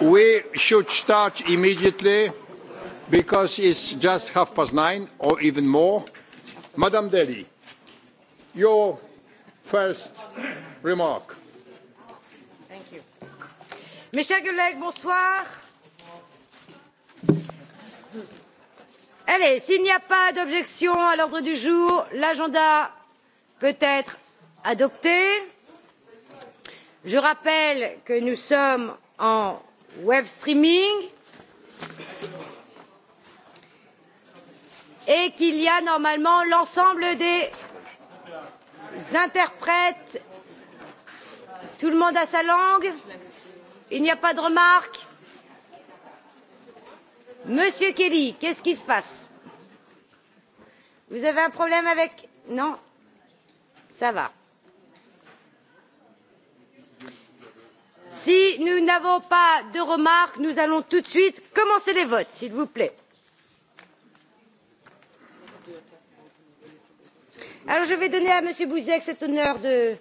We should start immediately because it's just half past nine or even more. Madam Deli, your first remark. Thank you. Mes chers collègues, bonsoir. Allez, s'il n'y a pas d'objection à l'ordre du jour, l'agenda peut être adopté je rappelle que nous sommes en web streaming et qu'il y a normalement l'ensemble des interprètes. Tout le monde a sa langue Il n'y a pas de remarques Monsieur Kelly, qu'est-ce qui se passe Vous avez un problème avec Non Ça va. si nous n'avons pas de remarques nous allons tout de suite commencer les votes s'il vous plaît. alors je vais donner à Monsieur buzek cet honneur de,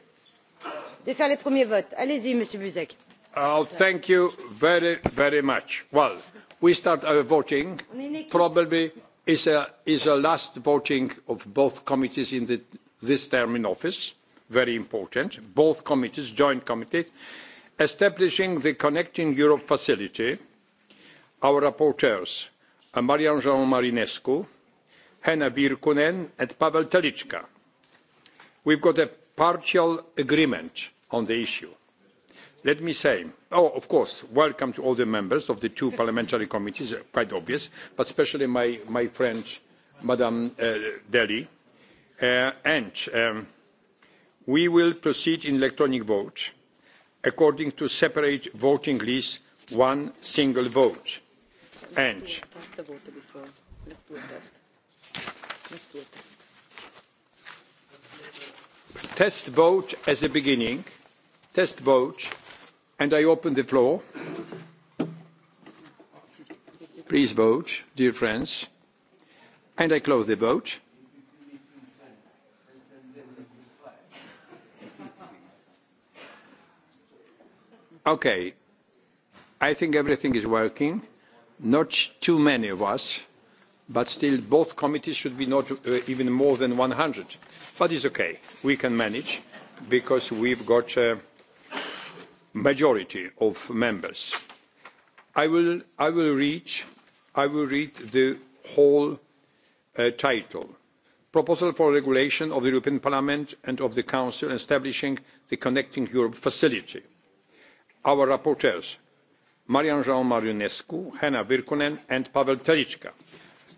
de faire les premiers votes. allez y monsieur buzek. Oh, thank you very very much. well we start our voting probably is a is a last voting of both committees in this term in office very important both committees joint committees establishing the Connecting Europe facility, our rapporteurs are Marian Jean Marinescu, Hanna Virkunen and Pavel Telichka. We've got a partial agreement on the issue. Let me say, oh, of course, welcome to all the members of the two parliamentary committees, uh, quite obvious, but especially my, my friend, Madame uh, Deli. Uh, and um, we will proceed in electronic vote according to separate voting lists, one single vote. And Test vote as a beginning. Test vote. And I open the floor. Please vote, dear friends. And I close the vote. Okay. I think everything is working. Not too many of us, but still both committees should be not uh, even more than 100. But it's okay. We can manage because we've got a majority of members. I will, I will, read, I will read the whole uh, title. Proposal for regulation of the European Parliament and of the Council establishing the Connecting Europe Facility our rapporteurs, Marian Jean Marinescu, Hanna Virkunen, and Pavel Telichka.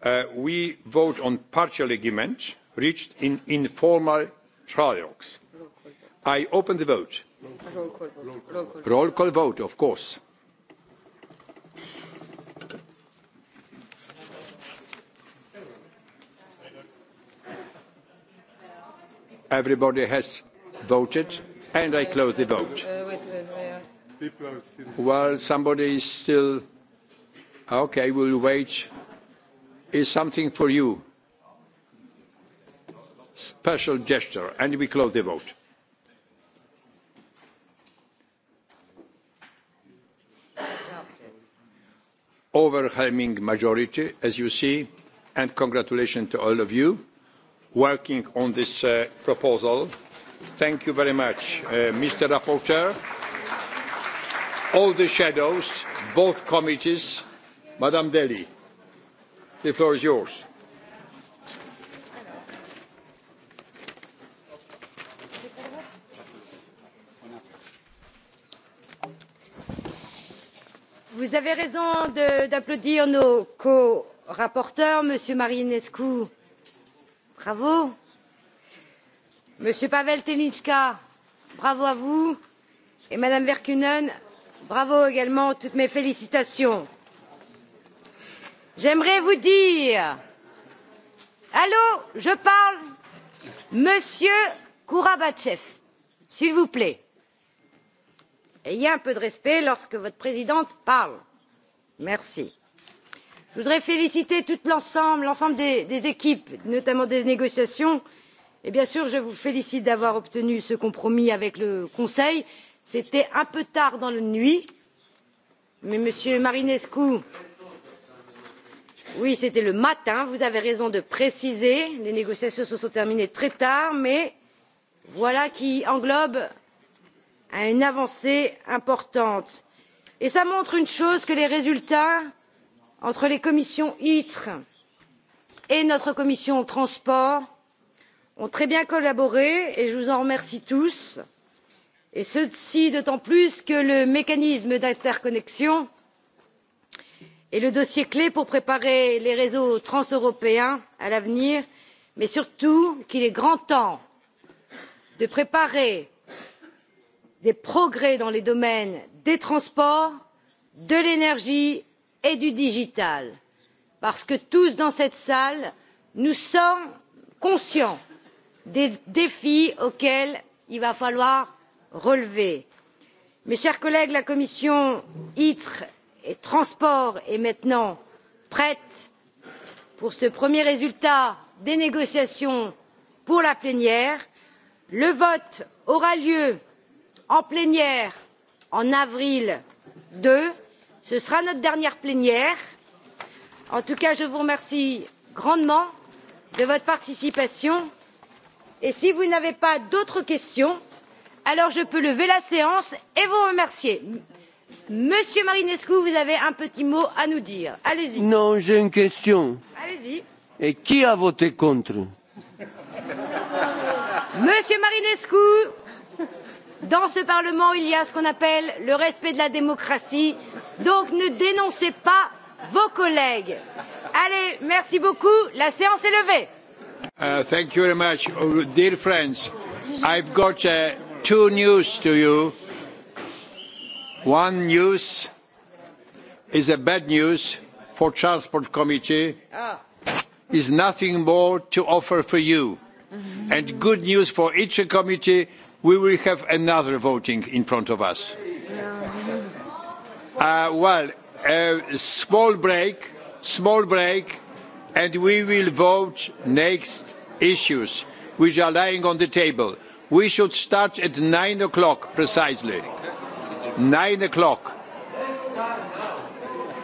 Uh, we vote on partial agreement reached in informal trialogues. I open the vote. Roll call vote, call vote of course. Everybody has voted, and I close the vote. Uh, While somebody is still... Ah, okay, we'll wait. Is something for you. Special gesture. And we close the vote. Overwhelming majority, as you see, and congratulations to all of you working on this uh, proposal. Thank you very much, uh, Mr. Rapporteur all the shadows, both committees. Madame Deli, the floor is yours. Vous avez raison d'applaudir nos co-rapporteurs, Monsieur Marinescu, bravo. Monsieur Pavel Telinska, bravo à vous. Et Madame Verkunen, bravo également toutes mes félicitations. j'aimerais vous dire allô je parle monsieur kourabatchev s'il vous plaît ayez un peu de respect lorsque votre présidente parle. merci. je voudrais féliciter tout l'ensemble l'ensemble des, des équipes notamment des négociations et bien sûr je vous félicite d'avoir obtenu ce compromis avec le conseil c'était un peu tard dans la nuit mais monsieur marinescu oui c'était le matin vous avez raison de préciser les négociations se sont terminées très tard mais voilà qui englobe une avancée importante et cela montre une chose que les résultats entre les commissions itre et notre commission transport ont très bien collaboré et je vous en remercie tous et ceci d'autant plus que le mécanisme d'interconnexion est le dossier clé pour préparer les réseaux transeuropéens à l'avenir mais surtout qu'il est grand temps de préparer des progrès dans les domaines des transports de l'énergie et du digital parce que tous dans cette salle nous sommes conscients des défis auxquels il va falloir relevée. mes chers collègues la commission itre et transport est maintenant prête pour ce premier résultat des négociations pour la plénière. le vote aura lieu en plénière en avril deux ce sera notre dernière plénière. en tout cas je vous remercie grandement de votre participation et si vous n'avez pas d'autres questions alors je peux lever la séance et vous remercier. Monsieur Marinescu, vous avez un petit mot à nous dire. Allez-y. Non, j'ai une question. Allez-y. Et qui a voté contre Monsieur Marinescu, dans ce Parlement, il y a ce qu'on appelle le respect de la démocratie. Donc ne dénoncez pas vos collègues. Allez, merci beaucoup. La séance est levée. Uh, thank you very much. Oh, dear friends, I've got a two news to you. One news is a bad news for Transport Committee. Ah. Is nothing more to offer for you. Mm-hmm. And good news for each committee, we will have another voting in front of us. Uh, well, a small break, small break, and we will vote next issues which are lying on the table. We should start at nine o'clock precisely. Nine o'clock.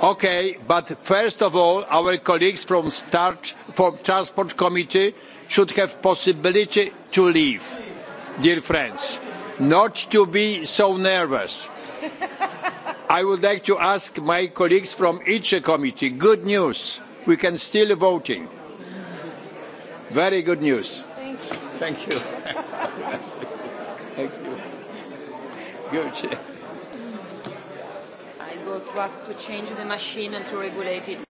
Okay, but first of all, our colleagues from start from Transport Committee should have possibility to leave, dear friends, not to be so nervous. I would like to ask my colleagues from each committee. Good news, we can still voting. Very good news. Thank you. Thank you. Thank you. I go to have to change the machine and to regulate it.